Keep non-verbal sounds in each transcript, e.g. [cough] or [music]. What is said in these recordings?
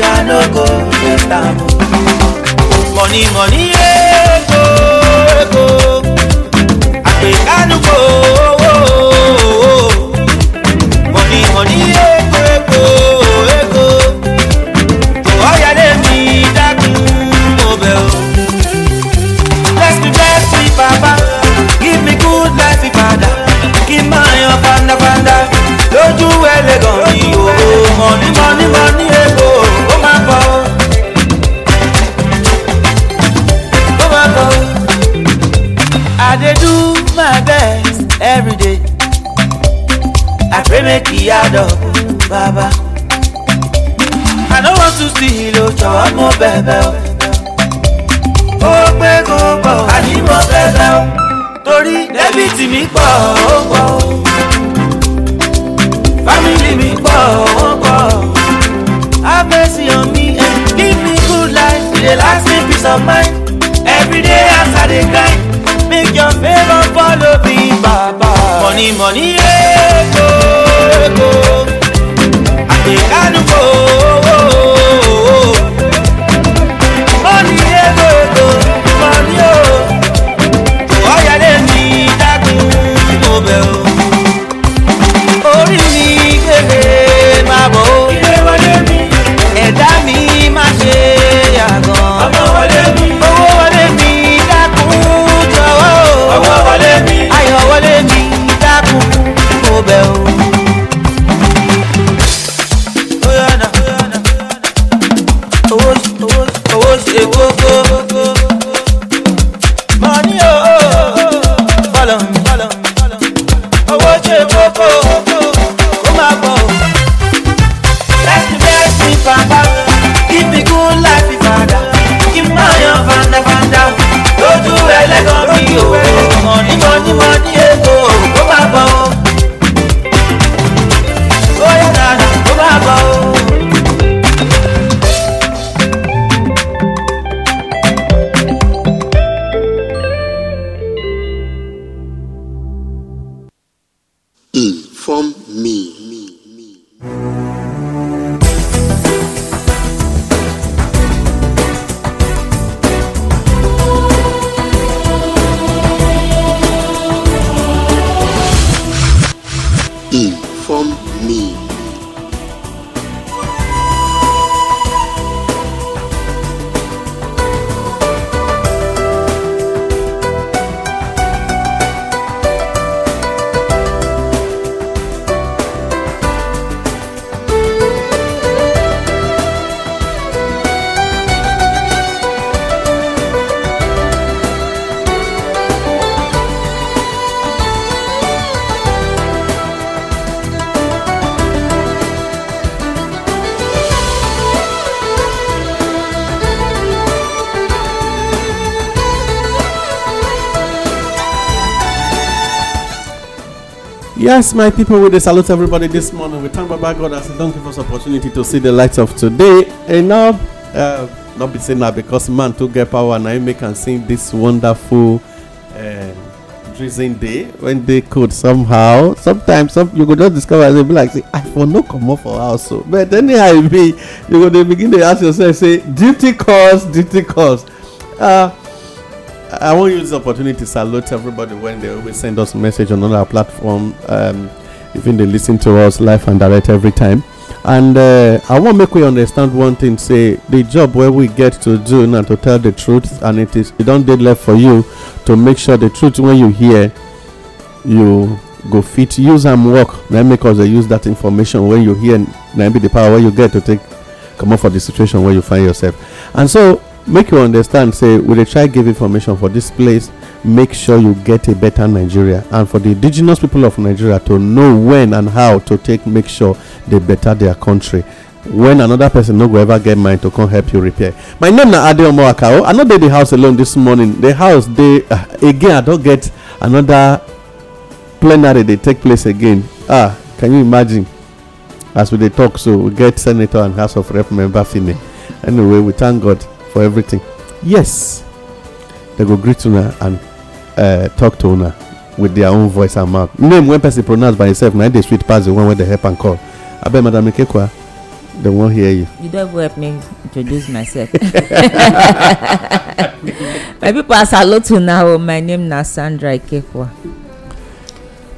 i no go get am money money ego ego àpèkánu kò owó money money ego ego ego kò mi dákun mo bẹ̀ o. bless me bless me papa give me good life padà kí n máa yan fandafanda lójú ẹlẹ́gàn mi o oh, oh. money money money. I dey do my best every day. I pray make e add up, Baba. I no want to see lo jọ̀wọ́ mo bẹ̀bẹ̀ Oh, Ó pé kó I need mo bẹ̀bẹ̀ o. Torí dẹ́bìtì mi pọ̀ ó Family, o. Fámìlì mi pọ̀ ó pọ̀ Have mercy on me and eh. give me good life. E last me peace of mind. Every day as I dey grind. make your favor follow me, Baba. Money, money, ego, ego. I think I know. Yes, my people, we salute everybody this morning. We thank Baba God as He don't give us opportunity to see the light of today. And now, uh, not be saying that because man took get power and I make and sing this wonderful uh, drizzling day when they could somehow. Sometimes some, you could just discover and be like, say, I for no come off for house. So. But anyhow, it be, you go they begin to ask yourself, say, duty calls, duty calls. Uh, I want to use the opportunity to salute everybody when they always send us a message on other our platform. Um, even they listen to us live and direct every time. And uh, I want to make we understand one thing. Say the job where we get to do now to tell the truth, and it is it don't dead left for you to make sure the truth when you hear, you go fit use and work. Then make cause they use that information when you hear. Then be the power where you get to take come up for the situation where you find yourself. And so make you understand say we dey try give information for this place make sure you get a better nigeria and for the indigenous people of nigeria to know when and how to take make sure they better their country when another person no go ever get mind to come help you repair my name na adeomo akao i no dey the house alone this morning the house dey ah, again i don get another plenary dey take place again ah can you imagine as we dey talk so we get senator and house of rep member fini. anyway we thank god for everything yes they go greet una and uh, talk to una with their own voice and mouth name When person pronounce by himself now dey sweet pass the one wey dey help and call abeg madam ikekwa They won't hear you you don even help me introduce myself [laughs] my pipo as i to now my name is sandra ikekwa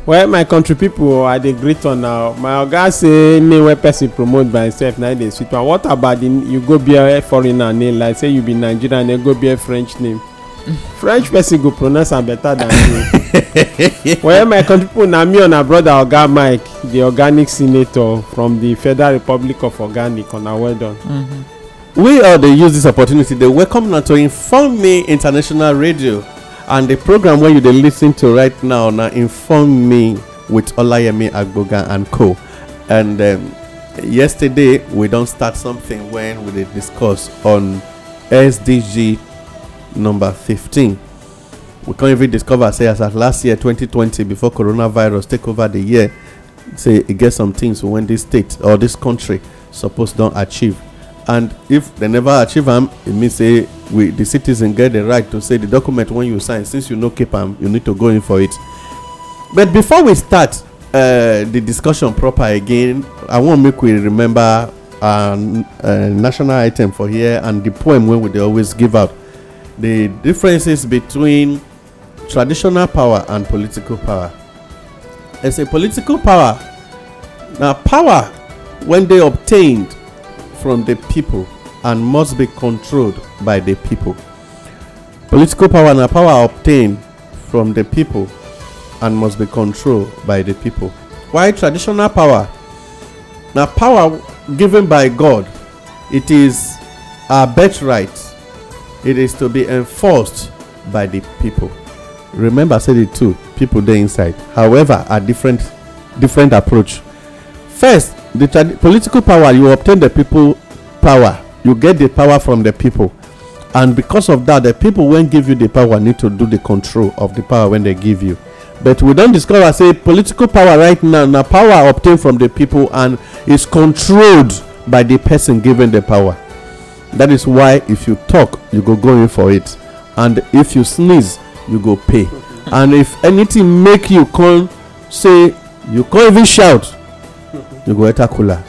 well my country people oh, i dey greet una my oga say name wey person promote by himself na dey sweet one what about you go bear foreigner name like say you be nigerian then go bear french name [laughs] french person go pronounce am better than you [laughs] well my country people, na me and my brother oga mike the organic senator from the federal republic of organic una well done mm-hmm. we all dey use dis opportunity dey welcome na to inform me international radio and the program where you dey listen to right now na inform me with olayemi agboga and co and um, yesterday we don start something when we dey discuss on sdg number 15 we come even discover say as at last year 2020 before coronavirus take over the year say e get some things wey dis state or dis country suppose don achieve and if they never achieve them, it means say we the citizen get the right to say the document when you sign since you no keep them, you need to go in for it but before we start uh, the discussion proper again i wan make we remember our uh, national item for here and the poem wey we dey always give out the differences between traditional power and political power as a political power na power when dey obtained from the people and must be controlled by the people. Political power and power obtained from the people and must be controlled by the people. Why traditional power? Now, power given by God, it is our birthright. It is to be enforced by the people. Remember, I said it too. People there inside, however, a different, different approach. First, the political power you obtain the people power you get the power from the people and because of that the people when give you the power need to do the control of the power when they give you but we don't discover say political power right now Now power obtained from the people and is controlled by the person given the power that is why if you talk you go going for it and if you sneeze you go pay and if anything make you call, say you come even shout you go enter kola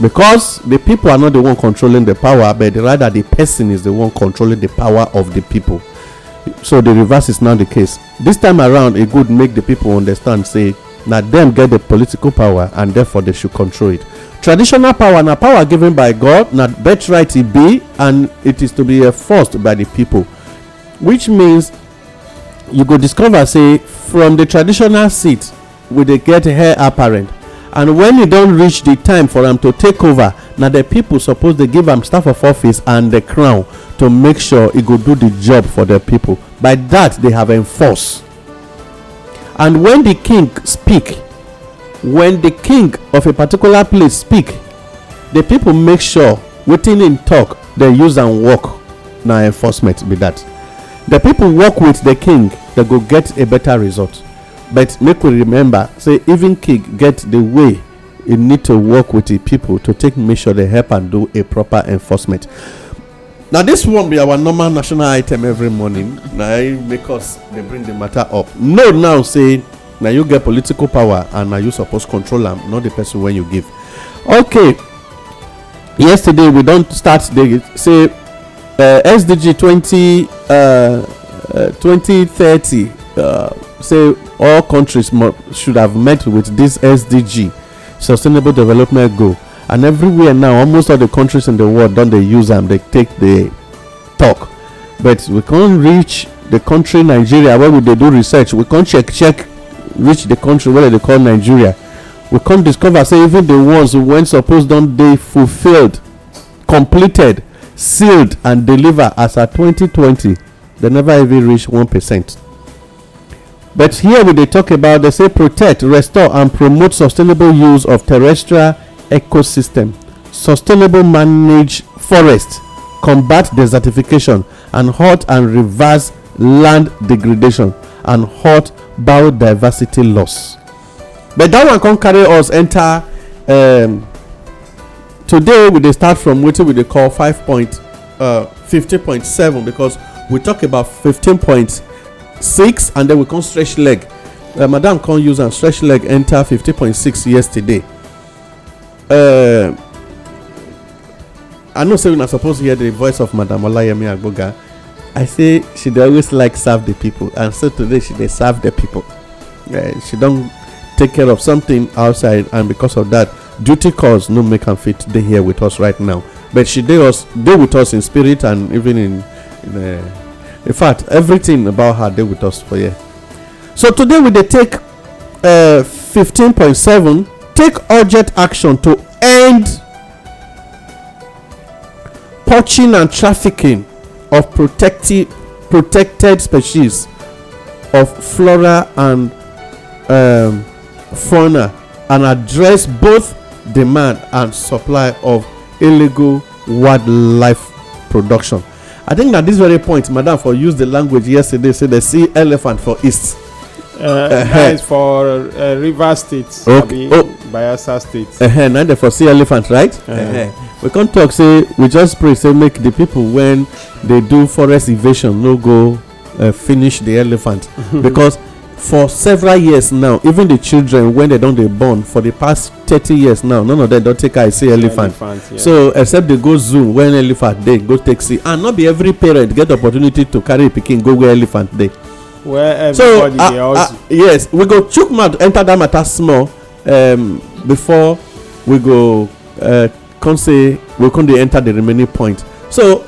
because the people are not the one controlling the power but rather the person is the one controlling the power of the people so the reverse is not the case this time around it would make the people understand say na them get the political power and therefore they should control it traditional power na power given by god na birthright e be and it is to be enforced by the people which means you go discover say from the traditional seat we they get hair apparent and when don't reach the time for them to take over now the people suppose they give them staff of office and the crown to make sure it go do the job for the people. by that they have enforce and when the king speak when the king of a particular place speak the people make sure within in talk they use and work Now enforcement be that. The people work with the king they go get a better result but make we remember say even king get the way e need to work with the people to take make sure they help and do a proper enforcement Now, this won't be our normal national item every morning now because they bring the matter up no now say now you get political power and now you suppose control am not the person when you give okay yesterday we don't start the say sdg 20 2030 say all countries should have met with this SDG, Sustainable Development Goal. And everywhere now, almost all the countries in the world don't they use them, they take the talk. But we can't reach the country Nigeria where we they do research. We can't check check reach the country where they call Nigeria. We can't discover say even the ones who weren't supposed don't they fulfilled, completed, sealed, and deliver as a 2020, they never even reach one percent. But here we they talk about they say protect, restore, and promote sustainable use of terrestrial ecosystem, sustainable manage forest, combat desertification, and halt and reverse land degradation and halt biodiversity loss. But that one can carry us enter um, today we dey start from wetin we dey call 5.50.7 point uh, because we talk about 15 points six and then we come stretch leg uh, madam come use am stretch leg enter fifty point six yesterday uh, i know say una suppose hear the voice of madam olayemi agboga i say she dey always like serve the people and so today she dey serve the people uh, she don take care of something outside and because of that duty calls no make am fit dey here with us right now but she dey us dey with us in spirit and even in in uh, in fact everything about her dey with us for here so today we dey take uh, 15.7 take urgent action to end poaching and trafficking of protected protected species of flora and um, fauna and address both demand and supply of illegal wildlife production i think at this very point madam for use the language yesterday say they see elephant for east uh, that uh-huh. is for uh, river state Oh, bayelsa state -huh. na dem for see elephant right -huh. Uh-huh. we can't talk say we just pray say make the people when they do forest invasion no go uh, finish the elephant [laughs] because for several years now even the children when they don dey born for the past thirty years now none of them don take eye see elephant so except they go zoo when elephant dey go take see and not be every parent get opportunity to carry pikin go where elephant dey so ah, ah, yes we go chook mouth enter that matter small um before we go uh, come say we come dey enter the remaining point so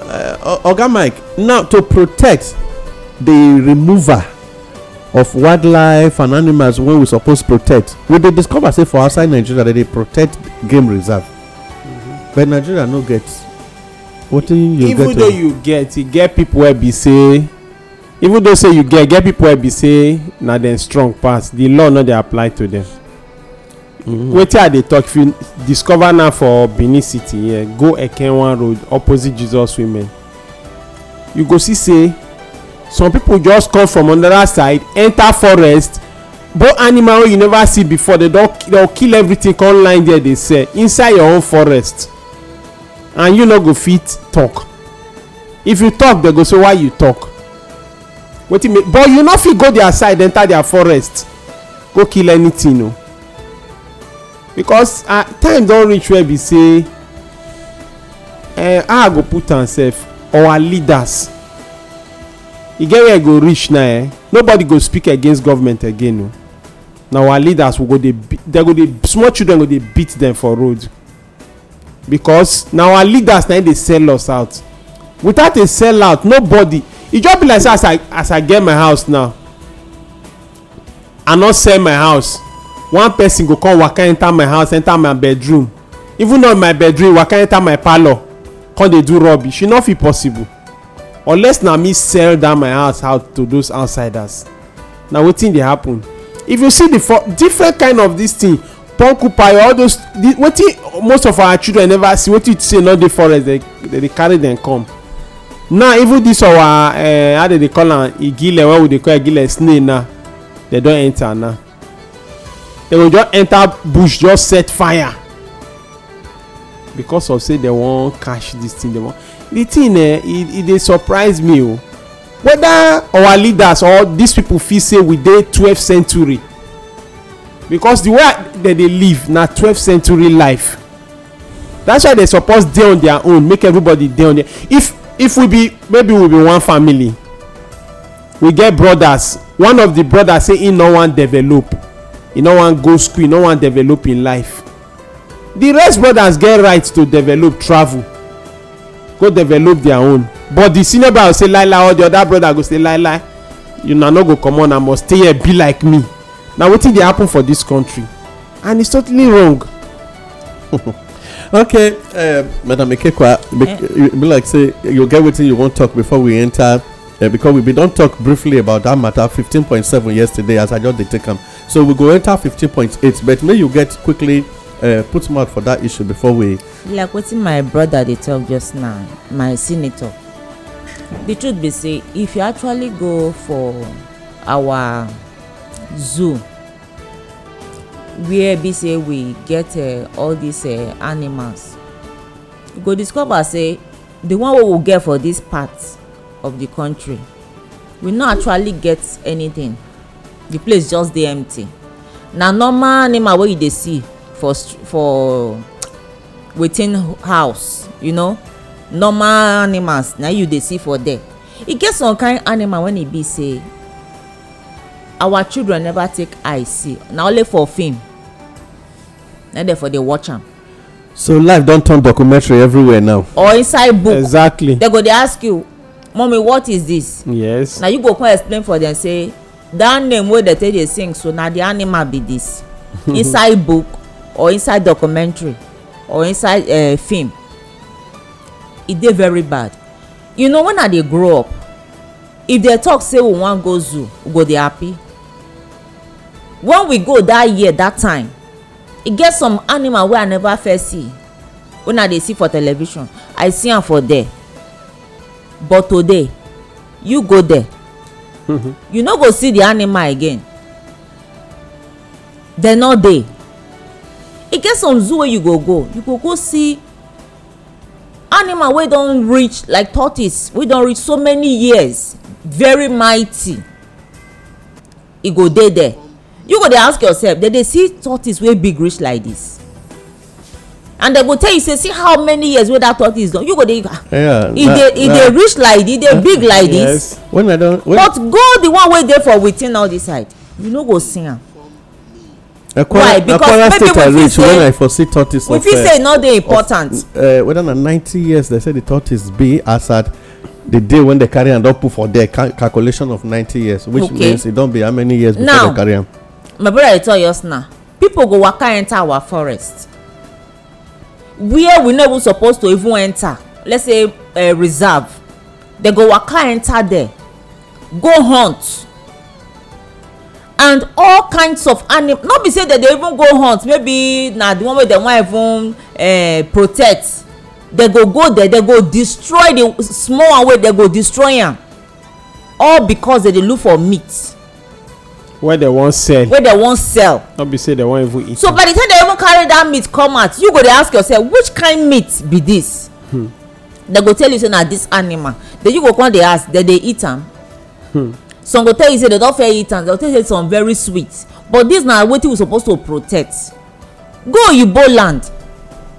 uh, oga mike now to protect the remover of wildlife and animals wey we suppose protect we dey discover say for outside nigeria dem dey protect game reserve mm-hmm. but nigeria no get wetin you get even eh? though you get e get pipo wey be say even though say you get e get pipo wey be say na dem strong pass di law no dey apply to dem mm-hmm. wetin i dey talk if you discover now for benin city here eh, go ekenwan road opposite jesus women you go see say some people just come from another side enter forest both animal wey you never see before they don they kill everything come line there they sell inside your own forest and you no go fit talk if you talk they go say why you talk wetin make but you no fit go their side enter their forest go kill anything o because uh, time don reach where be say uh, eh, how i go put am sef our leaders e get where e go reach now eh nobody go speak against government again o oh. na our leaders go dey small children go dey beat dem for road because na our leaders na dey sell us out without a sell out nobody e just be like say as i as i get my house now i no sell my house one person go come waka enter my house enter my bedroom even though my bedroom waka enter my parlour come dey do rubbish e no fit possible unless na me sell down my house out to those outsiders na wetin dey happen if you see the for different kind of this thing porcupine, all those the wetin most of our children never see wetin you say no dey forest dey dey carry dem come now even this our uh, how they dey call am igile wey we dey call igile snail now dem don enter now dem go just enter bush just set fire because of say dem wan catch this thing dem wan the thing eh e dey surprise me o oh. whether our leaders or these people feel say we dey th century because the way dem dey live na th century life that's why dem suppose dey on their own make everybody dey on their if if we be maybe we be one family we get brothers one of the brothers say he no wan develop he no wan go school he no wan develop him life the rest brothers get right to develop travel go develop their own but the senior brother say lie lie all the other brother go say lie lie You na no go comot i must stay here be like me na wetin dey happen for this country and it's totally wrong. [laughs] okay uh, madam ikekwa be like say you get wetin you wan talk before we enter uh, because we bin don talk briefly about that matter fifteen point seven yesterday as i just dey take am so we go enter fifteen point eight but may you get quickly uh, put mouth for that issue before we. like wetin my brother dey talk just now my senator the truth be say if you actually go for our zoo where be say we get uh, all these uh, animals you go discover say the one wey we get for this part of the country we no actually get anything the place just dey empty na normal animal wey you dey see for for within house you know normal animals na you dey see for there e get some kind animal when e be say our children never take eye see na only for film na dem for dey watch am. so life don turn documentary everywhere now. or inside book exactly dem go dey ask you mummy what is this. yes na you go come explain for dem say that name wey dem take dey sing so na the animal be this [laughs] inside book or inside documentary or inside uh, film e dey very bad you know when i dey grow up if dem talk say we wan go zoo we go dey happy when we go that year that time e get some animal wey i never first see wey i dey see for television i see am for there but today you go there mm-hmm. you no go see the animal again dem no dey e get some zoo wey you go go you go go see animal wey don reach like tortoise wey don reach so many years very mighty e go dey there you go dey ask yourself dem dey see tortoise wey big reach like this and dem go tell you say see how many years wey dat tortoise don you go dey ah, yeah, e dey e dey reach like this e dey big like yes. this when i don when but go the one wey dey for within all this side you no go see am why because state i reach when we fit say e uh, no dey important uh, whether na ninety years they say the tortoise be as at the day when they carry am don put for there calculation of ninety years which means it don be how many years before they carry am now my brother dey tell us now people go waka enter our forest where we no even suppose to even enter let's say uh, reserve they go waka enter there go hunt and all kinds of animal no be say dem dey even go hunt maybe na the one wey dem wan even uh, protect dem go go there dem go destroy the small one wey dem go destroy am all because dem dey look for meat. wey dem wan sell. wey dem wan sell. no be say dem wan even eat. so by the time dem even carry that meat come out you go dey ask yourself which kind meat be this. Hmm. go tell you say na this animal then you go come dey ask dem dey eat am. Hmm some go tell you say dem don fair eat am dem go tell you say some very sweet but this na wetin we suppose to protect go oyibo land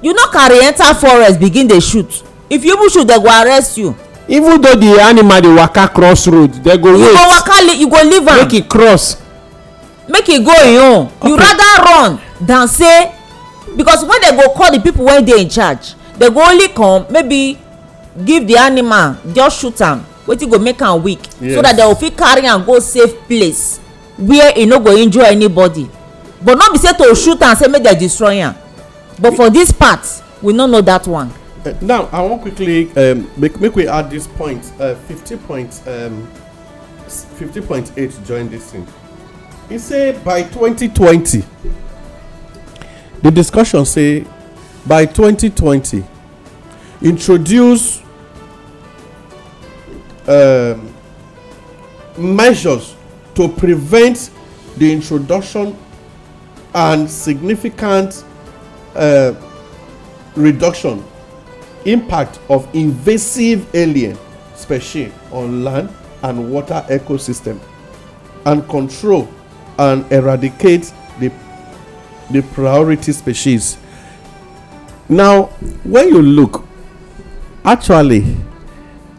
you no carry enter forest begin dey shoot if you even shoot dem go arrest you. even though the animal dey waka cross road dem go wait you go waka you go leave am make e cross make e go im own okay. you rather run than say because when dem go call the people wey dey in charge dem go only come maybe give the animal just shoot am wetin go make am weak so that dem go fit carry am go safe place where e no go injure anybody but no be say to shoot am say make dem destroy am but for this part we no know that one eh, now i wan quickly um, make make we add this point Fifty uh, fifty point um, point eight join this thing e say by twenty twenty. The discussion say by twenty twenty, introduce Um, measures to prevent the introduction and significant uh, reduction impact of invasive alien species on land and water ecosystem and control and eradicate the the priority species now when you look actually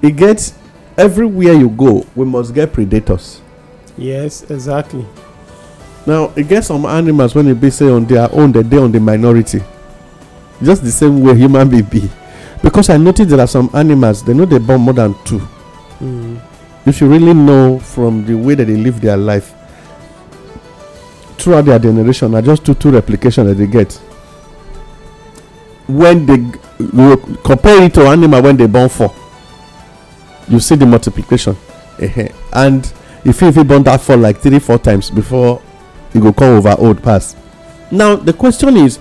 it gets everywhere you go we must get predators yes exactly now e get some animals when e be say on their own dem dey on the minority just the same way human being be because i notice there are some animals dem no dey born more than two mm. if you really know from the way dem dey live their life throughout their generation na just two two replication dem dey get when they compare it to animal wey dey born four you see the multiplication and if we even burn that for like three four times before it go come over old pass now the question is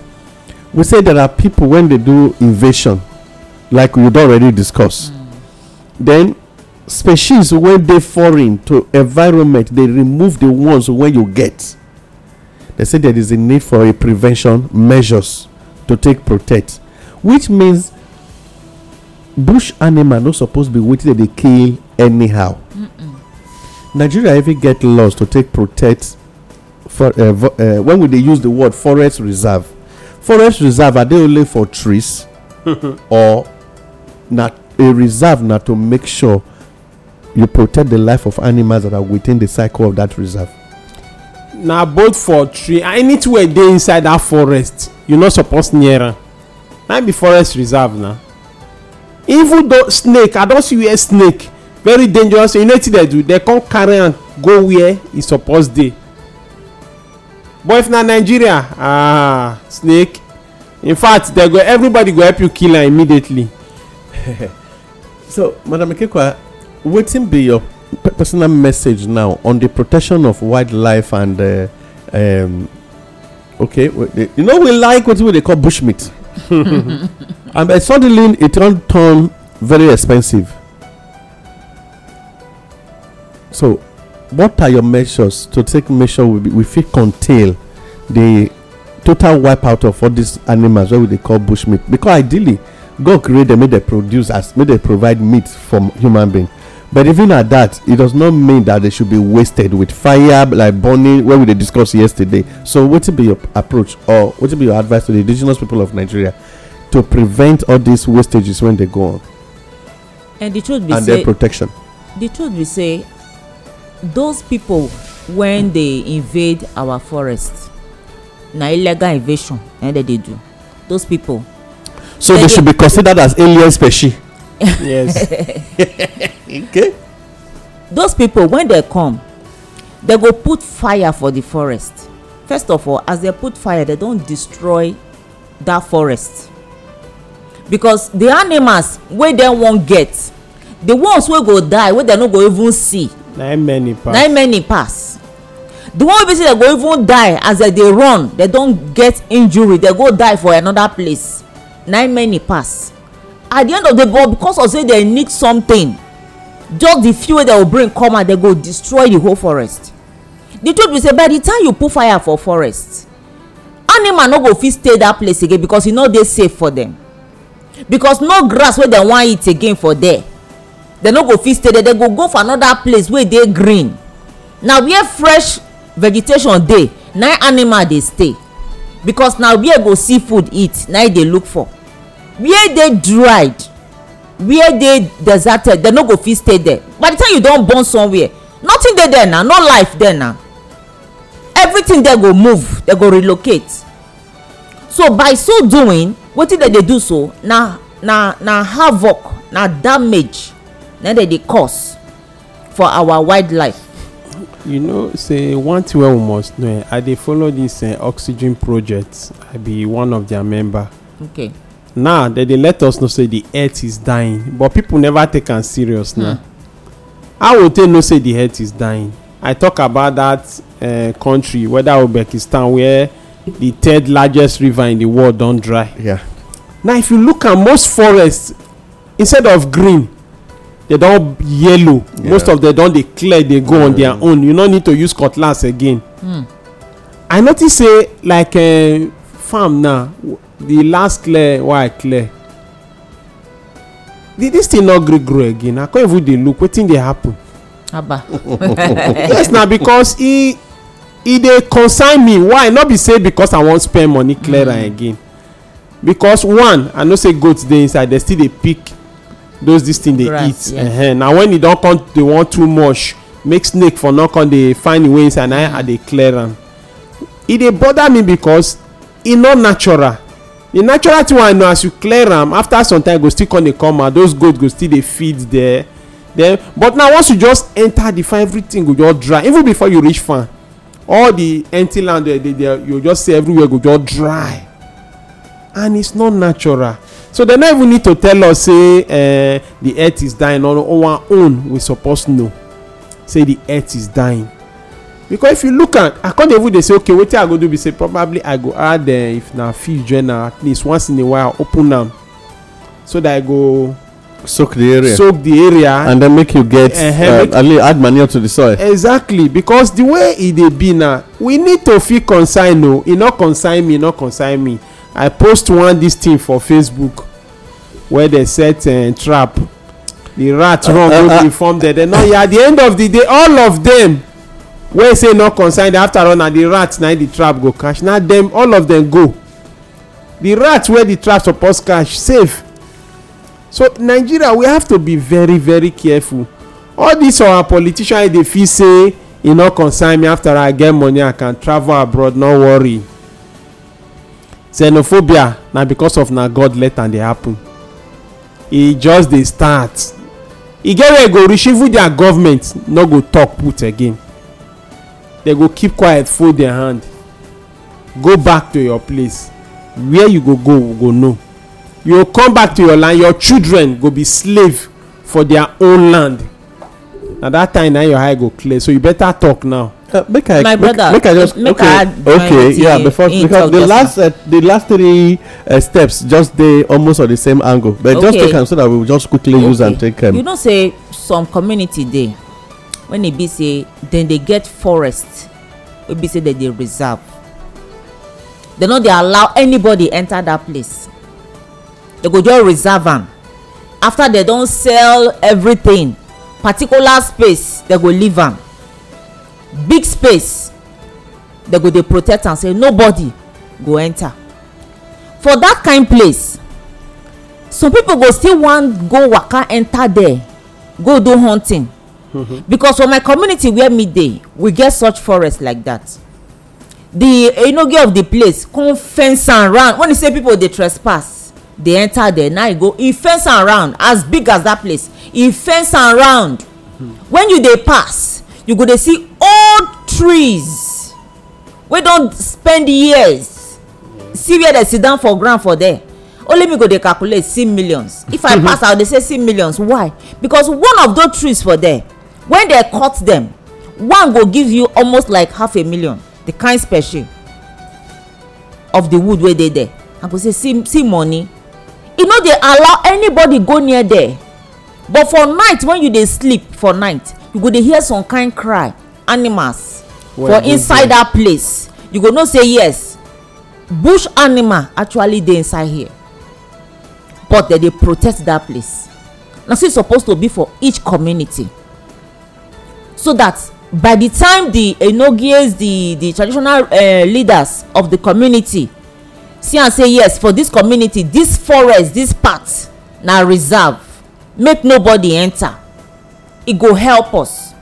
we say there are people when they do invasion like we already discussed mm. then species when they foreign to environment they remove the ones where you get they say there is a need for a prevention measures to take protect which means bush animal no suppose be wetin dem dey kill anyhow nigeria even get laws to take protect for uh, uh, when we dey use the word forest reserve forest reserve are they only for trees [laughs] or na a reserve na to make sure you protect the life of animals that are within the cycle of that reserve na both for tree and anything wey dey inside that forest you no suppose near am na be forest reserve na even though snake i don see where snake very dangerous you know wetin dem do dem come carry am go where e suppose dey but if na nigeria ah snake in fact dem go everybody go help you kill am immediately [laughs] so madam ikekwa wetin be your personal message now on the protection of wildlife and uh, um, okay you know we like what we dey call meat. [laughs] and by suddenly it turned very expensive. So, what are your measures to take measure we, we fit contain the total wipeout of all these animals wey we dey call bush meat because ideally god create them make they produce as make they provide meat for human being but even at that it does not mean that they should be wasted with fire like burning Where we discussed yesterday so what will be your approach or what will be your advice to the indigenous people of nigeria to prevent all these wastages when they go on and the truth be and say, their protection the truth be say those people when they invade our forest na illegal invasion na they dey do those people. so they, they should be considered as alien species. [laughs] yes [laughs] okay. those people when they come they go put fire for the forest first of all as they put fire they don destroy that forest because the animals wey dem wan get the ones wey go die wey dem no go even see na many pass na many pass the one wey be say dem go even die as dem dey run dem don get injury dem go die for another place na many pass at the end of the ball because of say dem need something just the few wey dem go bring come out dem go destroy the whole forest the truth be say by the time you put fire for forest animal no go fit stay that place again because e no dey safe for them because no grass wey dem wan eat again for there dem no go fit stay there dem go go for another place wey dey green na where fresh vegetation dey na animal dey stay because na where go see food eat na e dey look for where dey dried where dey deserted dem no go fit stay there by the time you don born somewhere nothing dey there na no life there na everything there go move dem go relocate so by so doing wetin dem dey do so na na na havoc na damage na dem dey cause for our wildlife. you know say one thing wey we must know eh, i dey follow this uh, oxygen project i be one of their member. okay. now dem dey let us know say the earth is dying but people never take am serious now. Hmm. how we take know say the earth is dying i talk about that uh, country whether uzbekistan where the third largest river in the world don dry yeah now if you look at most forests instead of green they don yellow most of them don dey clear dey go on their mm. own you no need to use cutlass again hmm. i notice say like eh, farm now the last clear wey i clear this thing no gree grow again i come even dey look wetin dey happen. haba [laughs] yes na because e e dey consign me why not be say because i wan spend money clear am mm. again because one i know say goat dey inside dem still dey pick those dis thing dey eat -huh. na when e don come dey want too much make snake for no come dey find e way inside na i dey clear am e dey bother me because e no natural the natural thing i know as you clear am after some time e go still come dey come out those goat go still dey feed there then but now once you just enter the farm everything go just dry even before you reach farm all the empty land wey there you just see everywhere go just dry and it's not natural so they no even need to tell us say uh, the earth is dying on our own we suppose know say the earth is dying because if you look at i come dey even dey say okay wetin i go do be say probably i go add uh, if na fish join na at least once in a while open am so that i go soak the area soak the area and then make you get eh, eh, uh, uh, add manure to the soil exactly because the way e dey be na we need to fit consign o e no consign me e no consign me i post one this thing for facebook where dey set uh, trap the rat uh, run go uh, be uh. form there dem no hear at the end of the day all of them wey say no consign after all na the rat na the trap go catch na them, all of them go the rat wey the trap suppose catch safe so nigeria we have to be very very careful all these our politicians dey feel say e no concern me after i get money i can travel abroad no worry xenophobia na because of na god let am dey happen e just dey start e get where e go reach even their government no go talk put again they go keep quiet fold their hand go back to your place where you go go go know you go come back to your land your children go be slave for their own land na that time na your eye go clear so you better talk now uh, make i my brother make i just okay okay yeah before because the last uh, the last three uh, steps just dey almost on the same angle but just take am so that we just quickly use am take am um, you know say some community dey when e be say dem dey get forest wey be say dem dey reserve dem no dey allow anybody enter that place They go just reserve am after they don sell everything particular space they go leave am big space they go dey protect am say nobody go enter for that kind place some people go still wan go waka enter there go do hunting mm-hmm. because for my community where me dey we get such forest like that the enoge of the place come fence am round when e say people dey trespass They enter there now you go e fence am round as big as that place e fence am round when you dey pass you go dey see old trees wey don spend years see where dem sit down for ground for there only me go dey calculate see millions if i [laughs] pass i dey say see millions why because one of those trees for there when dem cut them, one go give you almost like half a million the kind special of the wood wey dey there i go say see see money e no dey allow anybody go near there but for night when you dey sleep for night you go dey hear some kind cry animals well, for inside that place you go know say yes bush animal actually dey inside here but dem dey protect that place na so e suppose to be for each community so that by the time the enogies the the traditional uh, leaders of the community see am say yes for dis community dis forest dis part na reserve make nobody enter e go help us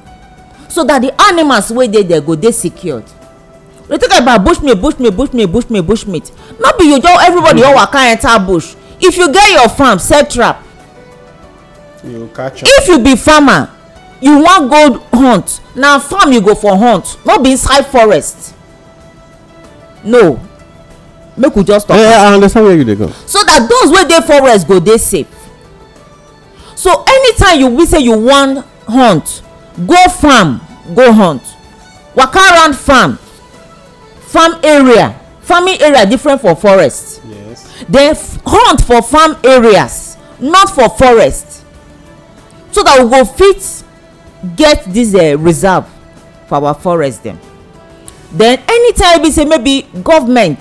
so that the animals wey dey there go dey secured we talk about bushmeat bushmeat bushmeat bushmeat bushmeat no be you just everybody just waka enter bush if you get your farm set trap you catch if you be farmer you wan go hunt na farm you go for hunt no be inside forest no make we just talk yeah i understand where you dey go so that those wey dey forest go dey safe so anytime you wish say you wan hunt go farm go hunt waka round farm farm area farming area different for forest yes Then hunt for farm areas not for forest so that we go fit get this uh, reserve for our forest dem then anytime be say maybe government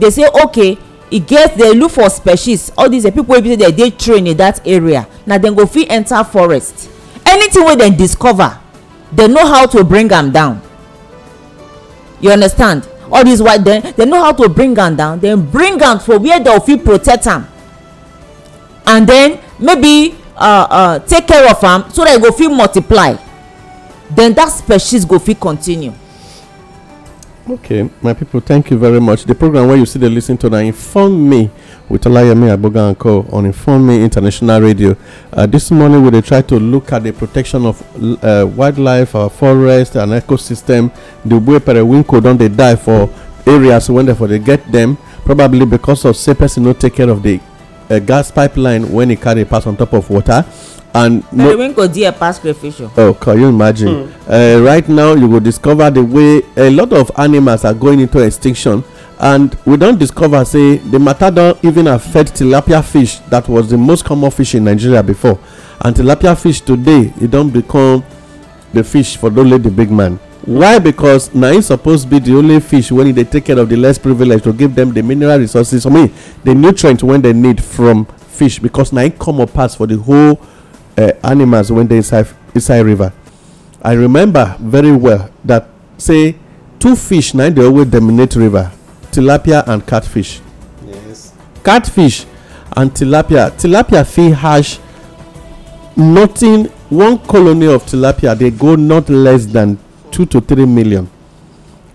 They say okay e get dey look for species all these people wey be say dey dey trained in that area na dem go fit enter forest anything wey dem discover dem know how to bring am down you understand all these while dem dem know how to bring am down dem bring am for where dem fit protect am and then maybe uh, uh, take care of am so that e go fit multiply then that species go fit continue Okay, my people, thank you very much. The program where you see the listen to now, Inform Me with alayami Aboga on Inform Me International Radio. Uh, this morning, we try to look at the protection of uh, wildlife, our forest, and ecosystem. The way periwinkle don't they die for areas when they, for they get them, probably because of say person not take care of the a gas pipeline when e carry pass on top of water and no when go there pass crayfish oh can you imagine uh, right now you go discover the way a lot of animals are going into extinction and we don discover say the matter don even affect tilapia fish that was the most common fish in nigeria before and tilapia fish today e don become the fish for those lady big man why because na im suppose be the only fish wey dey take care of the less privileged to give them the mineral resources i mean the nutrients wey dem need from fish because na im common pass for the whole eh, animals wey dey inside inside river i remember very well that say two fish na im dey always dominate river tilapia and catfish yes catfish and tilapia tilapia fit hatch nothing one colony of tilapia dey go not less than two to three million.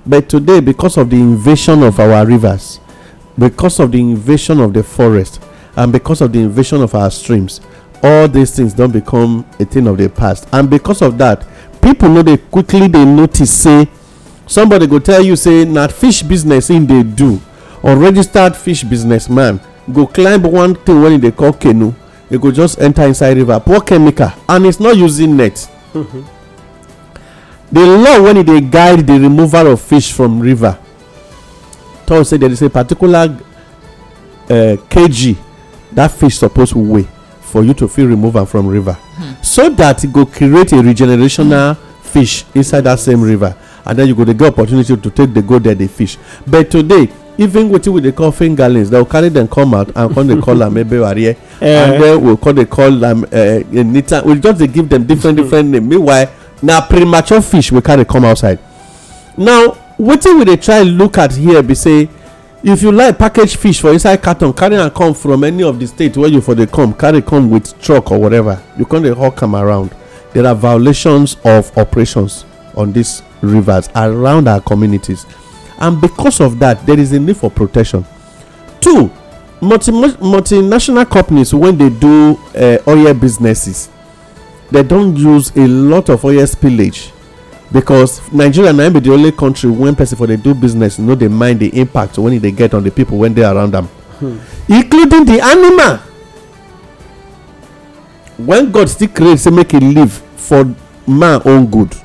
But today, because of the invasion of our rivers, because of the invasion of the forest, and because of the invasion of our streams, all these things don't become a thing of the past. And because of that, people know they quickly they notice say somebody go tell you say not fish business in they do or registered fish businessman go climb one thing when they call canoe, they go just enter inside river, pour chemical, and it's not using net. Mm-hmm. the law when e dey guide the removal of fish from river talk say there is a particular eh, kg that fish suppose weigh for you to fit remove am from river hmm. so that e go create a regenerational fish inside that same river and then you go dey get opportunity to take dey go there dey fish but today even wetin we dey call fingerlings dem go carry dem come out and come dey call am ebewarie eh. eh. and then we come dey call am nita we just dey give dem different different name meanwhile na premature fish wey carry come outside now wetin we dey try look at here be say if you like package fish for inside carton carry am come from any of the state where you for dey come carry come with truck or whatever you con dey hawk am around there are violations of operations on these rivers around our communities and because of that there is a need for protection two multi multinational companies wey dey do eh, oil businesses they don use a lot of oil spillage because nigeria na be the only country when person for dey do business no dey mind the impact when e dey get on the people wey dey around am hmm. including the animal when god still create say make e live for man own good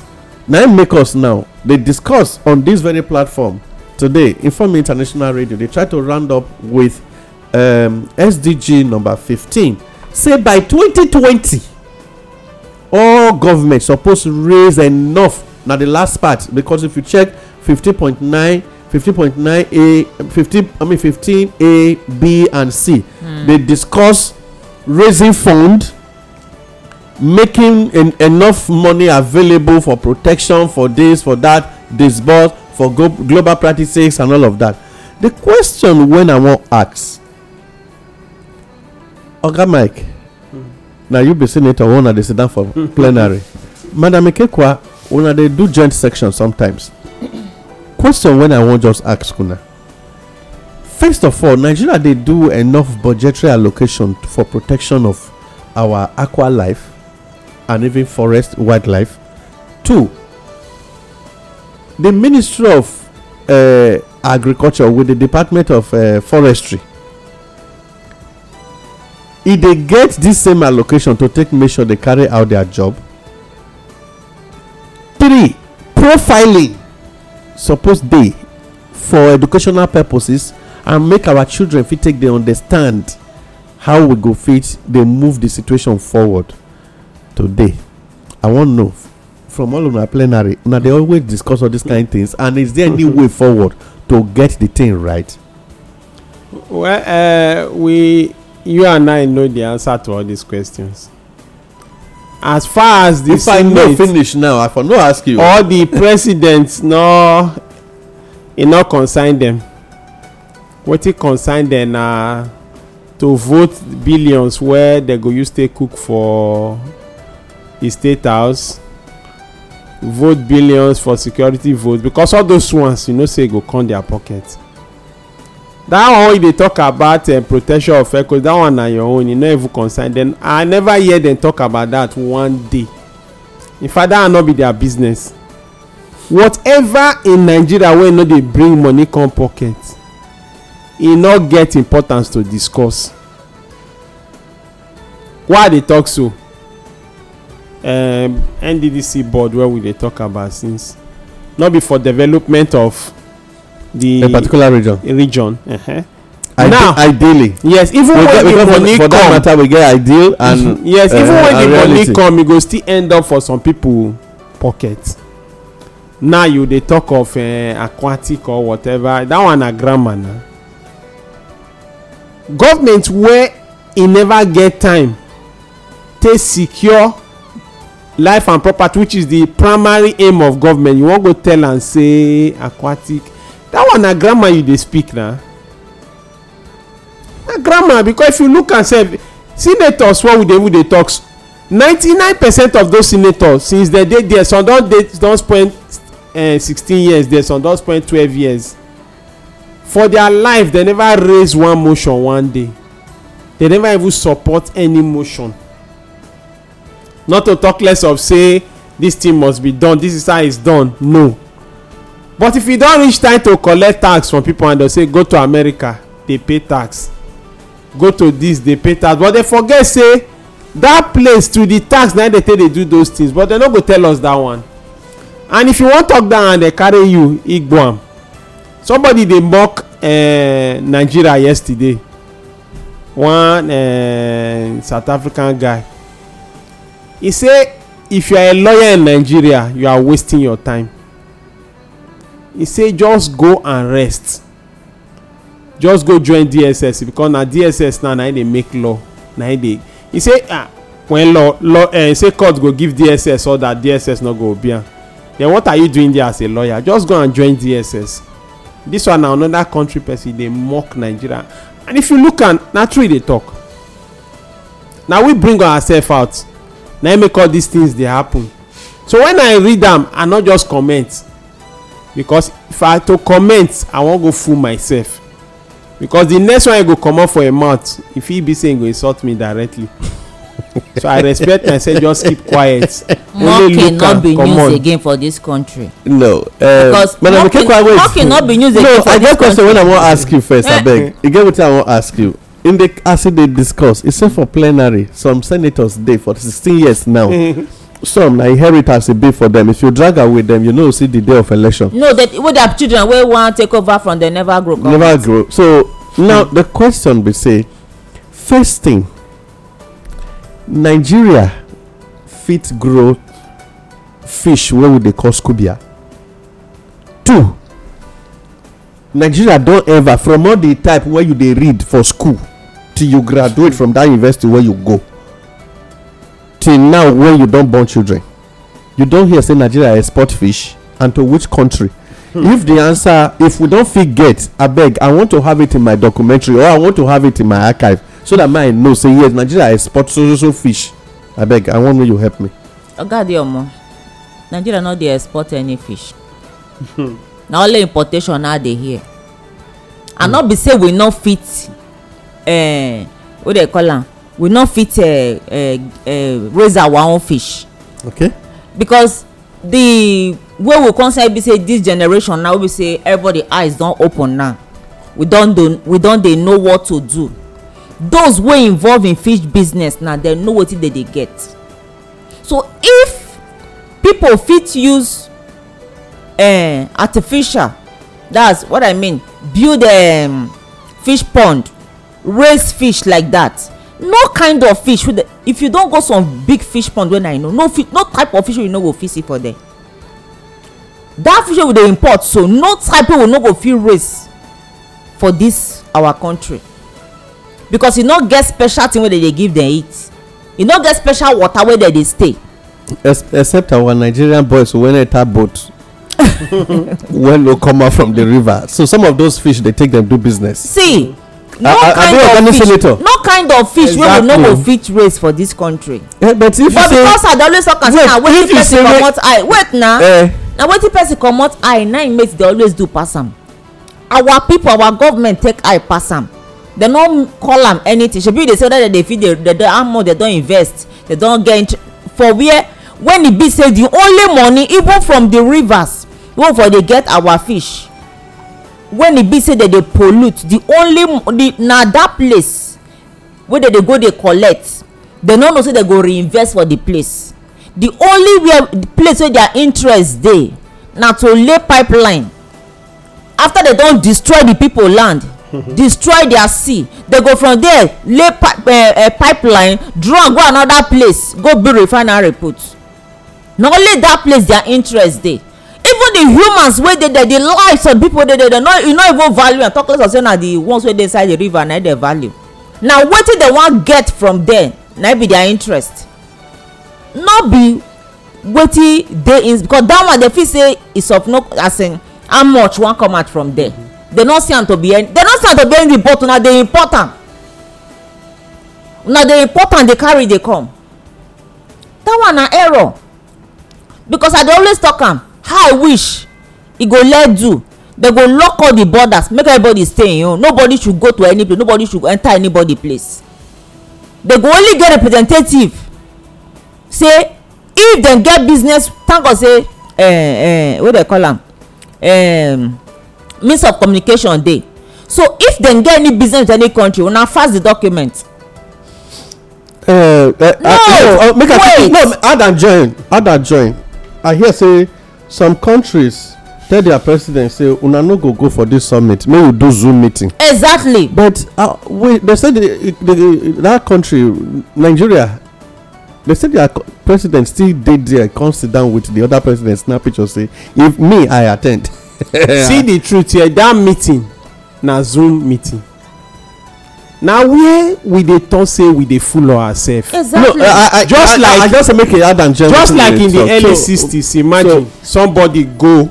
na im make us now dey discuss on this very platform today inform international radio dey try to round up with um, sdg number fifteen. say by twenty twenty all government suppose raise enough na the last part because if you check 15.9 15.9a 15 i mean 15a b and c mm. they discuss raising fund making en enough money available for protection for this for that disburse for go global practices and all of that the question wey i wan ask oga mike na you be senator una dey sit down for [laughs] plenary madam ikekwa una dey do joint section sometimes question wey i wan just ask una first of all nigeria dey do enough budgetary allocation for protection of our aqua life and even forest wildlife two the ministry of eh, agriculture with the department of eh, forestry e dey get this same allocation to take make sure dey carry out their job three profiling suppose dey for educational purposes and make our children fit take dey understand how we go fit dey move the situation forward today i wan know from all of my plenary una dey always discuss all these kind things and is there any way forward to get the thing right well uh, we you and I know the answer to all these questions. As far as the if Senate, I know finish now, I for no ask you. All the presidents no e no concern them. Wetin consign them na uh, to vote billions where they go use take cook for the state house vote billions for security vote because all those ones you know say go come their pockets that one wey dey talk about eh, protection of echoes that one na your own e no even concern dem i never hear dem talk about that one day in fact that one no be their business whatever in nigeria wey no dey bring money come pocket e no get importance to discuss why i dey talk so um, nddc board wey we dey talk about since no be for development of the a particular region region uh -huh. Ide now ideally yes even we when the money come for that matter we get ideal mhm. and mm -hmm. yes even uh, when the money come e go still end up for some people pocket now you dey talk of uh, aquatic or whatever that one na grammar na government wey e never get time take secure life and property which is the primary aim of government you wan go tell am say aquatic that one na grandma, you dey speak na na grandma, because if you look am sef senators wey we dey even dey talk ninety-nine percent of those senators since dem dey there some don dey don spend eh, sixteen years there some don spend twelve years for their life dem never raise one motion one day dem never even support any motion not to talk less of say this thing must be done this is how it's done no but if e don reach time to collect tax from people and dem say go to america dey pay tax go to this dey pay tax but dem forget say that place to the tax na dey take dey do those things but dem no go tell us that one and if you wan talk down, and dem carry you igbo am somebody dey mock uh, nigeria yesterday one uh, south african guy he say if you are a lawyer in nigeria you are wasting your time He say just go and rest just go join dss because na dss now na im dey make law na im dey e say ah when law law eh, he say court go give dss order dss no go obey am then what are you doing there as a lawyer just go and join dss this one na another country person dey mock nigeria and if you look am na true e dey talk na we bring ourselves out na make all these things dey happen so when i read am i no just comment because if i to comment i wan go fool myself because the next one I go comot for a month, e fit be say e go insult me directly so i respect myself just keep quiet only look am common no um, be news again for dis country no because mocking no be news again for dis country no i get question wey i wan ask you first eh? abeg e get wetin i wan ask you in the as e dey discuss e say for plenary some senators dey for sixteen years now [laughs] some na inheritance e be for them. if you drag away them, you know see the day of election no that wey their children wey wan take over from dem never grow never grow so now hmm. the question be say first thing nigeria fit grow fish wey we dey call scubia two nigeria don ever from all the type wey you dey read for school till you graduate hmm. from that university wey you go till now when you don born children you don hear say nigeria export fish and to which country hmm. if the answer if we don fit get abeg i want to have it in my documentary or i want to have it in my archive so that my know say yes nigeria export so so so fish abeg i wan make you help me. oga adeomo nigeria no dey export any fish hmm. na only importation na dey here and hmm. no be say we no fit uh, what dey call am we no fit eh, eh, eh, raise our own fish okay because the way we concern be say this generation now we say everybody eyes don open now we don dey know what to do those wey involve in fish business na dem know wetin dem dey get so if people fit use uh, artificial that's what i mean build um, fish pond raise fish like that no kind of fish if you don go some big fish pond wey i know no no type of fish wey you no go fit see for there that fish wey we dey import so no type wey we no go fit raise for this our country because e no get special thing wey dem dey give dem eat e no get special water wey dem dey stay. except our nigerian boys wey enter boat [laughs] wey no come out from the river so some of those fish dey take dem do business. see no kind of fish no kind of fish wey we no go fit raise for dis country eh, but if you say but because i dey always talk am say na wetin person comot eye wait na eh. na wetin person comot eye na im mate dey always do pass am our people our government take eye pass am dem no call am anything shebi you dey say whether dem dey feed how much dem don invest dem don get for where when e be say the only money even from the rivers wey for dey get our fish when e be say dem dey pollute the only the na that place wey dem dey go dey collect dem no know say dem go reinvest for the place the only where the place wey their interest dey na to lay pipeline after dem don destroy the people land [laughs] destroy their sea dem go from there lay pipe uh, uh, eh, pipeline draw go another place go build refinery put na only that place their interest dey even humans wey dey there the lives of people dey there no you no even value am talk less of say na the ones wey dey inside the river na e dey value na wetin dem wan get from there na e be their interest no be wetin dey in because that one dey feel say is of no as in how much wan come out from there dem no see am to be any dem no see am to be any but una dey import am una dey import am dey carry dey come that one na error because i dey always talk am i wish e go let do dem go lock all the borders make everybody stay in home nobody should go to any place nobody should enter anybody place dem go only get representative say if dem get business thank god say eh eh. wey dem call am um, means of communication dey so if dem get any business with any country una fax the document. Uh, uh, no uh, uh, wait no add and join add and join i hear say some countries tell their president say una no go go for this summit make we do zoom meeting exactly but uh, wait, they say that country nigeria they say their president still dey there come sit down with the other president snap picture say if me i attend [laughs] see the truth here dat meeting na zoom meeting na where we dey talk say we dey fool ourselves. exactly no i i just like i just make it add am join just like in the early sixties imagine somebody go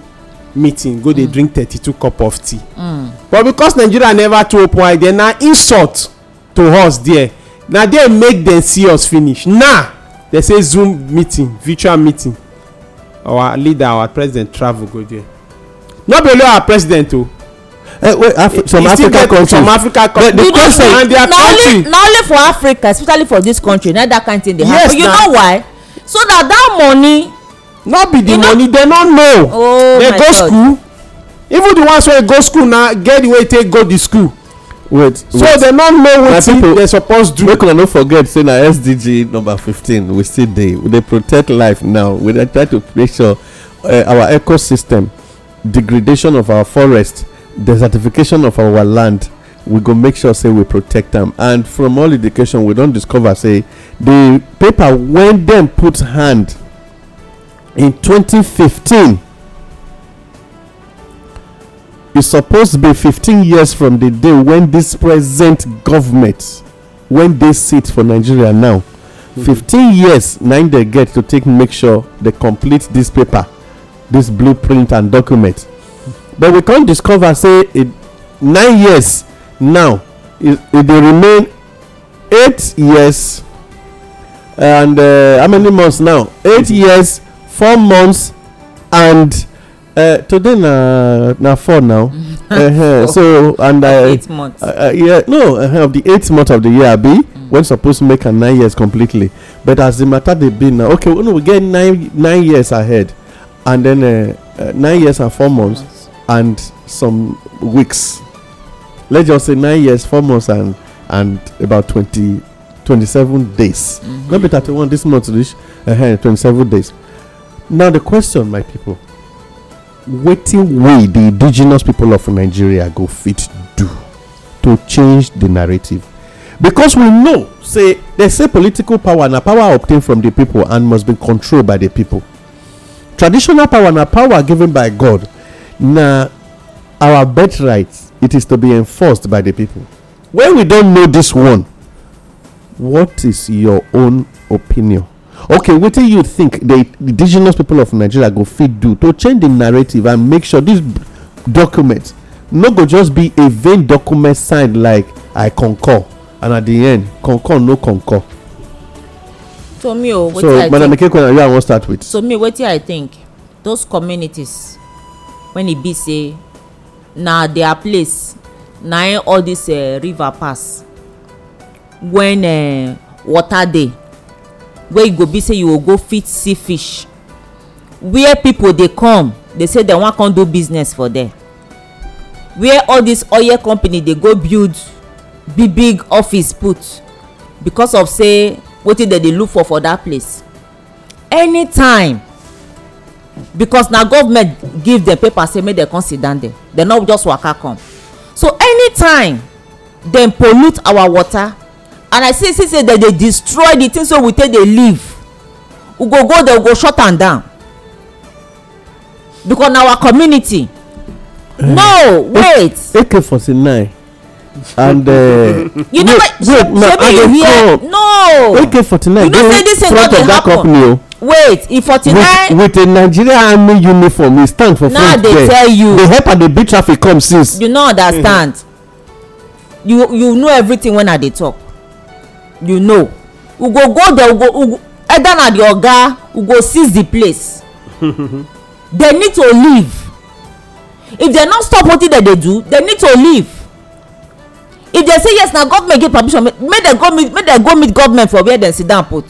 meeting go dey mm. drink thirty-two cup of tea mm. but because nigeria never too open eye dem na insult to us there na dem make dem see us finish now dem say zoom meeting virtual meeting our leader our president travel go there no be only our president o Eh, wait, Afri some African country. Some African country. The, the concept. And their country. Only, not only for Africa, especially for this country, not that kind thing they yes, have. you know why? So that that money. No be the money, know? they don't know. Oh they go God. school. Even the ones wey go school na get the way take go the school. wait so wait. dem no know wetin dem suppose do. make una no forget say na sdg number fifteen we still dey we dey protect life now we dey try to make sure uh, our ecosystem degradation of our forest desertification of our land we go make sure say we protect them. and from all education we don discover say the paper wen dem put hand in 2015 e suppose be 15 years from the day wen dis present government wen dey sit for nigeria now mm-hmm. 15 years na im dey get to take make sure dey complete dis paper dis blueprint and document but we come discover say nine years now e dey remain eight years and uh, how many months now eight years four months and uh, today na na four now [laughs] uh-huh. so and uh, yeah no uh-huh, of the eight month of the year be mm. when suppose make am nine years completely but as the matter dey be now okay we get nine nine years ahead and then nine years and four months and some weeks. Let's just say nine years, four months, and and about 20, 27 days. Mm-hmm. Maybe 31 this month, this, uh, 27 days. Now, the question, my people, waiting way the indigenous people of Nigeria go fit do to change the narrative? Because we know, say, they say political power and power obtained from the people and must be controlled by the people. Traditional power and power given by God na our birthright it is to be enforced by the people when we don know this one what is your own opinion okay wetin you think the indigenous people of nigeria go fit do to change the narrative and make sure this document no go just be a vain document signed like i concur and at the end concur no concur. so me oh, o wetin i think so madam ikekwe na you i wan start with. so me wetin i think those communities When e be say na their place na in all this uh, river pass when uh, water dey wey e go be say you go go fit see fish where people dey come dey say dem wan come do business for there where all this oil company dey go build big big office put because of say wetin dem dey look for for that place anytime because na government give dem paper say make dem come sit down there dem no just waka come so anytime dem pollute our water and i see see say dem dey destroy the things wey we take dey live we go go there we go shut am down because na our community eh. no wait ak forty nine and uh, [laughs] you know wait, wait, wait ma i dey hear no ak forty nine dey front of that company o. Oh wait in forty-nine. with with a nigerian army uniform we stand for front there now they tell you the help and the big traffic come since. you no understand mm -hmm. you you know everything when i dey talk you know we go go there we go we go either na the oga we go seize the place [laughs] they need to leave if they no stop wetin they dey do they need to leave if they say yes na government give permission make they go meet make they go meet government for where they sit down put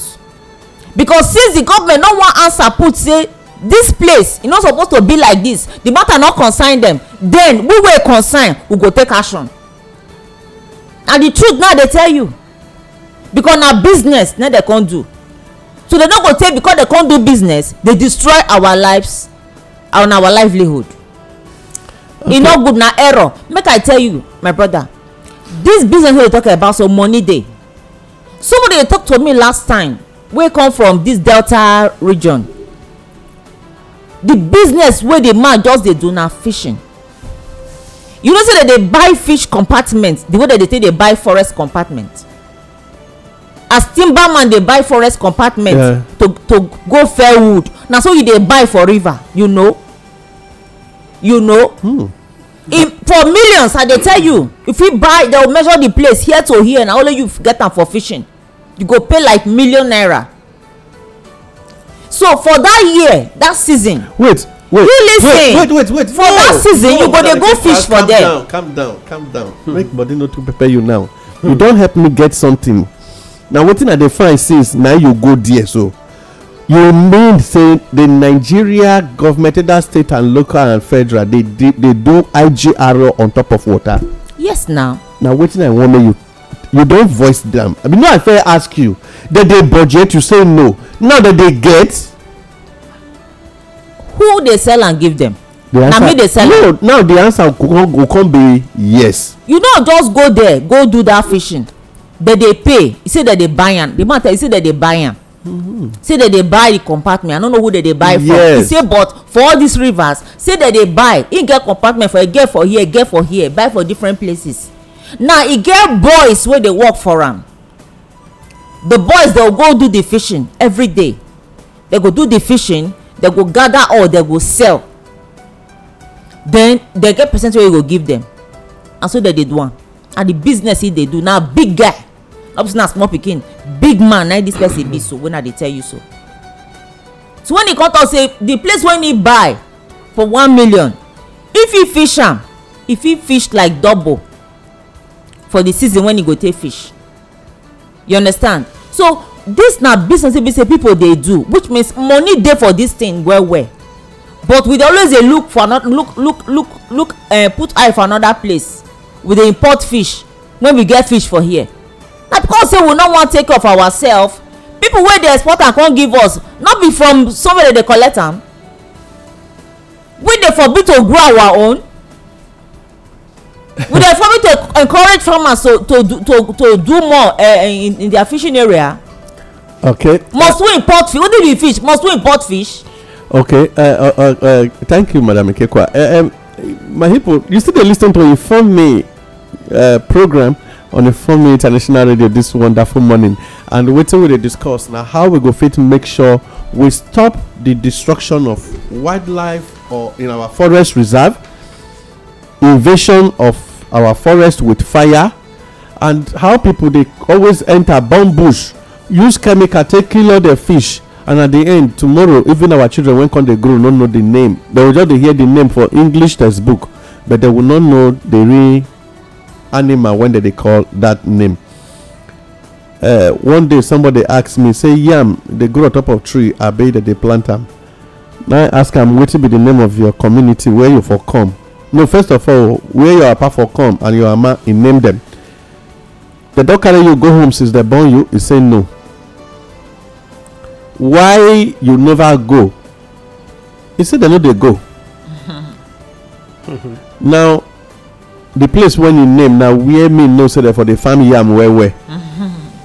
because since the government no wan answer put say this place e no suppose to be like this the matter no concern them then we wey concern we go take action na the truth now dey tell you because na business na dey come do so they no go take because they come do business dey destroy our lives and our livelihood okay. e no good na error make i tell you my brother this business wey you talk about so money dey somebody dey talk to me last time wey come from dis delta region the business wey the man just dey do na fishing you know say dem dey buy fish compartment the way dem dey take dey buy forest compartment as timberman dey buy forest compartment yeah. to to go fair wood na so you dey buy for river you know you know hmm. in for millions i dey tell you you fit buy dem measure the place here to here na only you get am for fishing you go pay like million naira so for that year that season wait wait you lis ten wait wait wait for no, that season no, you go dey go fish for there calm down calm down calm down hmm. make body no too prepare you now you don help me get something na wetin i dey find since na you go there so you mean say the nigeria government either state and local and federal they dey dey do igro on top of water. yes now. Now, na wetin i wan you you don voice them i mean no i fair ask you dem dey budget you say no now that they get who dey sell and give dem na me dey sell no now the answer go come be yes you no just go there go do that fishing dem dey pay you say dem dey buy am the man tell you say dem dey buy am mm-hmm. say dem they buy the compartment i don't know who they dey buy from he say but for all these rivers say dem they buy e get compartment for a get for here get for here buy for different places now e get boys wey dey work for am the boys dey go do the fishing every day They go do the fishing They go gather all They go sell then they get percent wey you go give them and so they dey do am and the business he dey do na big guy no be say na small pikin big man na this person e be so when i dey tell you so so when he come talk say the place wey he buy for one million if he fish am if he fish like double for the season when you go take fish you understand so this na business wey be say people dey do which means money dey for this thing well well but we dey always dey look for another look look look look uh, put eye for another place we dey import fish when we get fish for here na because say we no wan take care of ourselves people wey dey export am come give us no be from somewhere dey collect am we dey forbid to grow our own we dey for me to encourage farmers to to to to do more uh, in in their fishing area. okay. must we import fish only we fish must we import fish. okay uh, uh, uh, thank you madam ikekwa uh, eh, um, my people you still dey lis ten to inform me uh, program on inform me international radio this wonderful morning and wetin we dey discuss na how we go fit make sure we stop the destruction of wildlife or in our forest reserve invasion of our forest with fire and how people dey always enter burn bush use chemical take kill all the fish and at the end tomorrow even our children wey come dey grow no know the name they will just dey hear the name for english textbook but they will not know the real animal when they dey call that name uh, one day somebody ask me say yam dey grow on top of tree abe dem dey plant am Now i ask am wetin be the name of your community where you for come no first of all where your papa for come and your mama he name them. The don carry you go home since they born you he say no why you never go he say they no dey go [laughs] now the place wey you name na where me know say dem for dey farm yam well well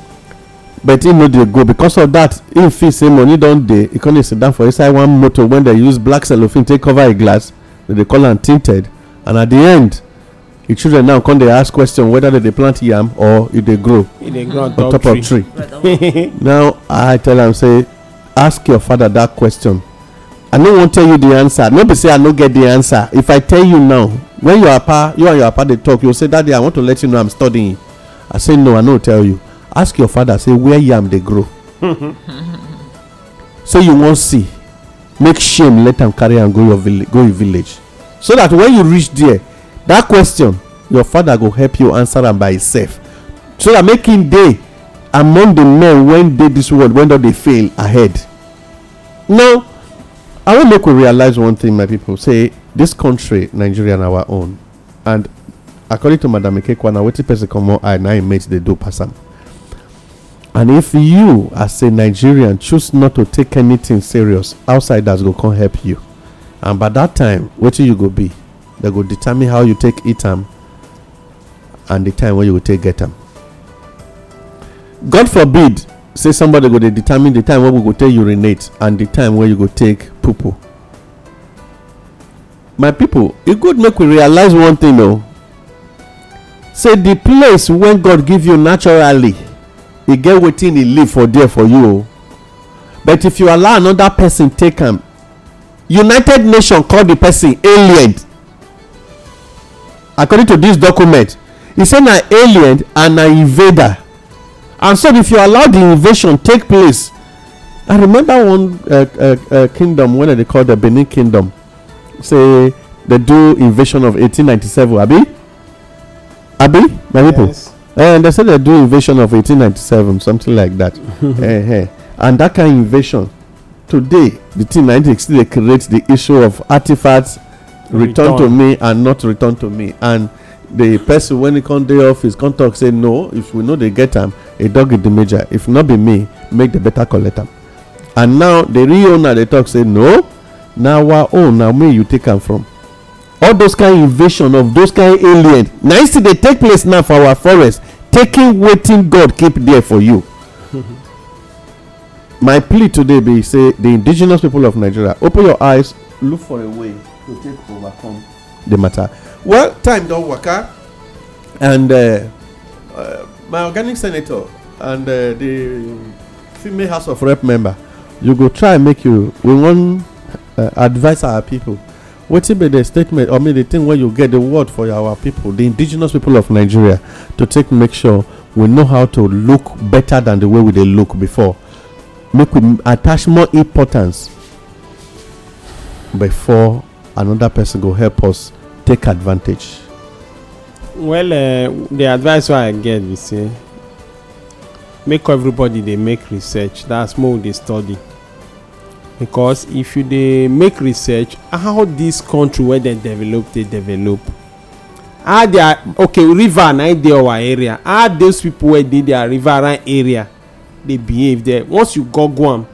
[laughs] but he no dey go because of that him feel say money don dey he come dey sit down for inside one motor wey dem use black cellophane take cover e glass dem dey call am tinted and at the end the children now come dey ask question whether they dey plant yam or e dey grow on top of tree [laughs] now i tell am say ask your father that question i no wan tell you the answer no be say i no get the answer if i tell you now when your papa you and your papa dey talk you say daddy i want to let you know i'm studying i say no i no tell you ask your father say where yam dey grow [laughs] so you wan see make shame let am carry am go your village so that when you reach there that question your father go help you answer am by himself so that make him dey among the men wey dey this world wey don dey fail ahead now i wan make we realize one thing my people say this country nigeria na our own and according to madam ikekwa na wetin person comot eye na im mate dey do pass am and if you as a nigerian choose not to take anything serious outsiders go come help you and by that time wetin you go be they go determine how you take eat am and the time wey you go take get am god forbid say somebody go dey determine the time wey we go take urinate and the time wey you go take poo my people e good make we realize one thing o oh. say the place wey god give you naturally e get wetin e leave for there for you o oh. but if you allow another person take am united nations call the person alien according to this document e say na alien and na invader and so if you allow the invasion take place i remember one uh, uh, uh, kingdom wey dem dey call the benin kingdom say dem do invasion of 1897 abi abi my pipo and dem say dem do invasion of 1897 something like that. dat [laughs] eh, eh. and that kind invasion today the thing 96 dey still dey create the issue of artifacts return, return to me and not return to me and the person when he come dey office come talk say no if we know they get am a dog e dey major if not be me make the better collect am and now the real owner dey talk say no na our own na me you take am from all those kind invasion of those kind alien na you see dey take place now for our forest taking wetin god keep there for you [laughs] my plea today be say the indigenous people of nigeria open your eyes look for a way to take overcome the matter well time don waka and uh, uh, my organic senator and uh, the female house of rep member you go try make you we wan uh, advise our people wetin be the statement or maybe the thing wey you get the word for our people the indigenous people of nigeria to take make sure we know how to look better than the way we dey look before make we attach more importance before another person go help us take advantage well uh, the advice wey i get be say make everybody dey make research that's more dey study because if you dey make research how this country wey dem develop dey develop how their okay river na dey our area how those people wey dey their riverine area dey behave there once you google am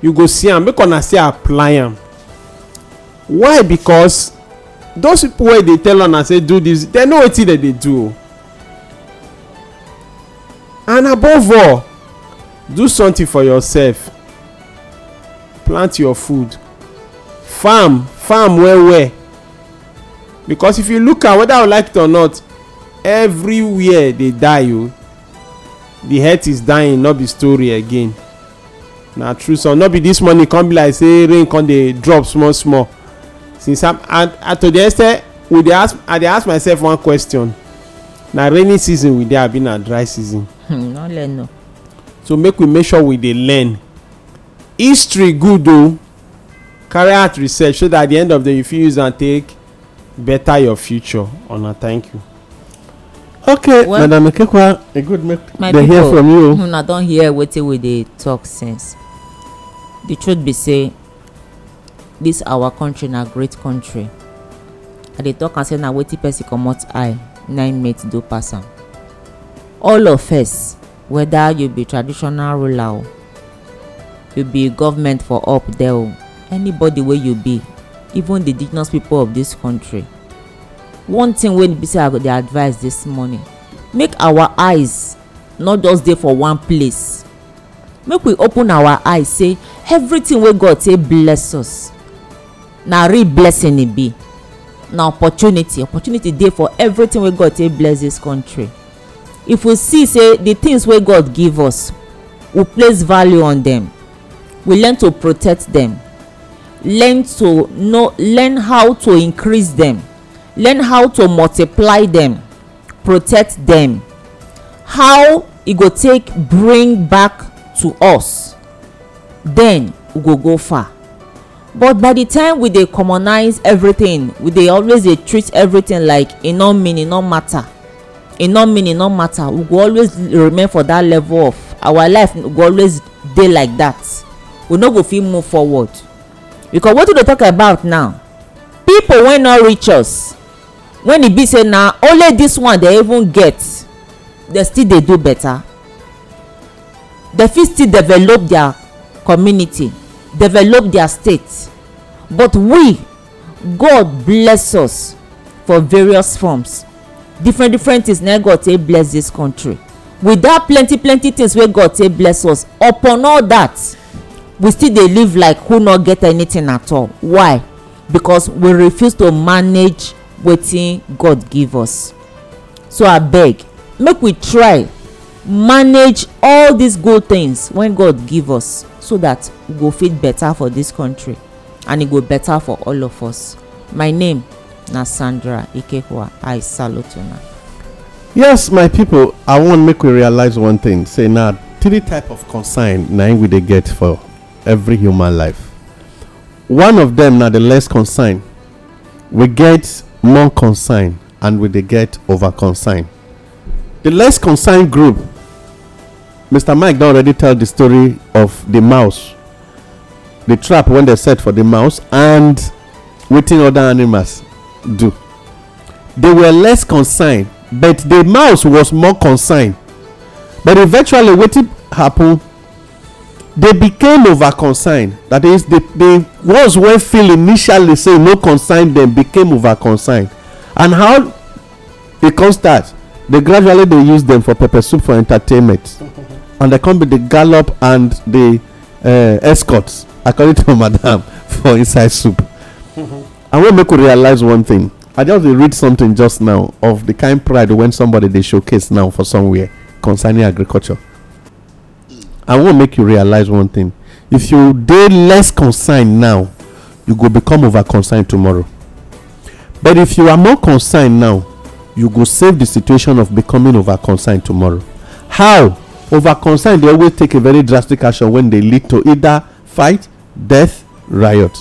you go see am make una say apply am why because those people wey dey tell una say do this dem know wetin dem dey do and above all do something for yourself plant your food farm farm well well because if you look at whether you like it or not everywhere dey die o oh the health is dying no be story again na true so no be this morning e come be like say rain come dey drop small small since i'm and, and to the extent we dey ask i dey ask myself one question na rainy season we dey abi na dry season. Hmm, no learn no. so make we make sure we dey learn history good o carry out research so that at the end of the day you fit use am take better your future una thank you okay well, madam ikekwa e good make dem hear from you. my people una don hear wetin we dey talk since the truth be say this our country na great country i dey talk am say na wetin person comot eye na im mate do pass am all of us whether you be traditional ruler o you be government for up there o anybody wey you be even the indigenous people of this country one thing wey be say i go dey advise this morning make our eyes not just dey for one place make we open our eyes say everything wey god say bless us na real blessing e be na opportunity opportunity dey for everything wey god say bless this country if we see say the things wey god give us we place value on them we learn to protect them learn to know learn how to increase them learn how to multiply them, protect them. how e go take bring back to us then we go go far but by the time we dey commonize everything we dey always dey treat everything like e no mean e no matter e no mean e no matter we go always remain for that level of our life go always dey like that we no go fit move forward because wetin we dey talk about now people wey no reach us when e be say na only this one dey even get dey still dey do better dey fit still develop their community develop their state but we god bless us for various forms different different things na god take bless this country with that plenty plenty things wey god take bless us upon all that we still dey live like who no get anything at all why because we refuse to manage wetin god give us so abeg make we try manage all these good things wey god give us so that we go fit better for this country and e go better for all of us my name na sandra ikekwa i salute una. yes my people i wan make we realize one thing say na three type of concern na im we dey get for every human life one of dem na the less concern we get more consigned and we dey get over consigned the less consigned group mr mike don already tell the story of the mouse the trap wey dem set for the mouse and wetin other animals do they were less consigned but the mouse was more consigned but eventually wetin happen they became over consigned. that is the the ones wey feel initially say no concern dem became over consigned, and how e come start they gradually dey use them for pepper soup for entertainment [laughs] and they come be the gallop and the uh, escorts according to [laughs] madam for inside soup i [laughs] wan make we realize one thing i just dey read something just now of the kind pride when somebody dey showcase now for somewhere concerning agriculture i wan make you realize one thing if you dey less concerned now you go become over concerned tomorrow but if you are more concerned now you go save the situation of becoming over concerned tomorrow how over concerned dey always take a very drastic action when dey lead to either fight death riot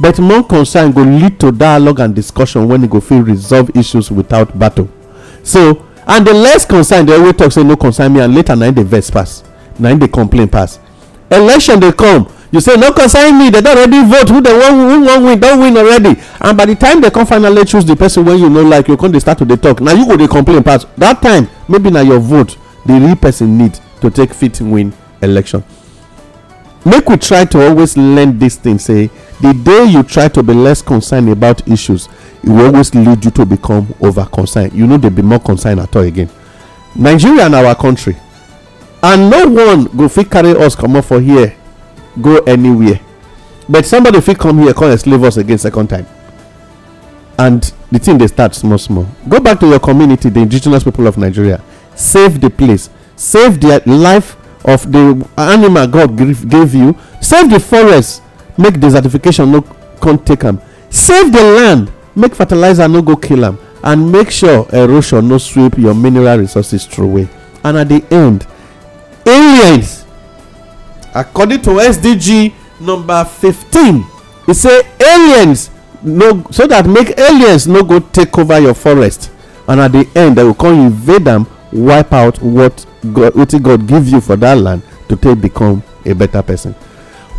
but more concern go lead to dialogue and discussion when e go fit resolve issues without battle so and the less concern dey always talk say no concern me and later na im dey vex pass na im dey complain pass election dey come you say no consign me They don already vote who who won? win don win already and by the time they come finally choose the person wey you no like you come dey start to dey talk na you go dey complain pass that time maybe na your vote the real person need to take fit win election make we try to always learn this thing say the day you try to be less concerned about issues e will always lead you to become over concerned you no dey be more concerned at all again nigeria na our country and no one go fit carry us comot for here go anywhere but somebody fit come here come enslave us again second time and the thing dey start small small go back to your community the indigenous people of nigeria save the place save the life of the animal god give you save the forest make desertification no come take am save the land make fertilizer no go kill am and make sure erosion no sweep your mineral resources through and at the end aliens according to sdg number 15 e say aliens no so that make aliens no go take over your forest and at the end they will come invade them, wipe out what god what god give you for that land to take become a better person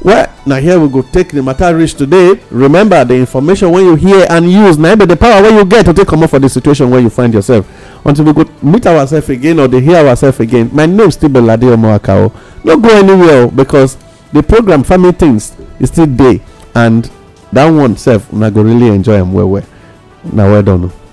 well now here we go take the matter reach today remember the information when you hear and use na the power wey you get to take come comot for the situation where you find yourself until we go meet ourselves again or dey hear ourselves again my name still be lade omoakao no go anywhere oh, because the program family things is still there. and that one sef una go really enjoy am well well now well done o. Oh.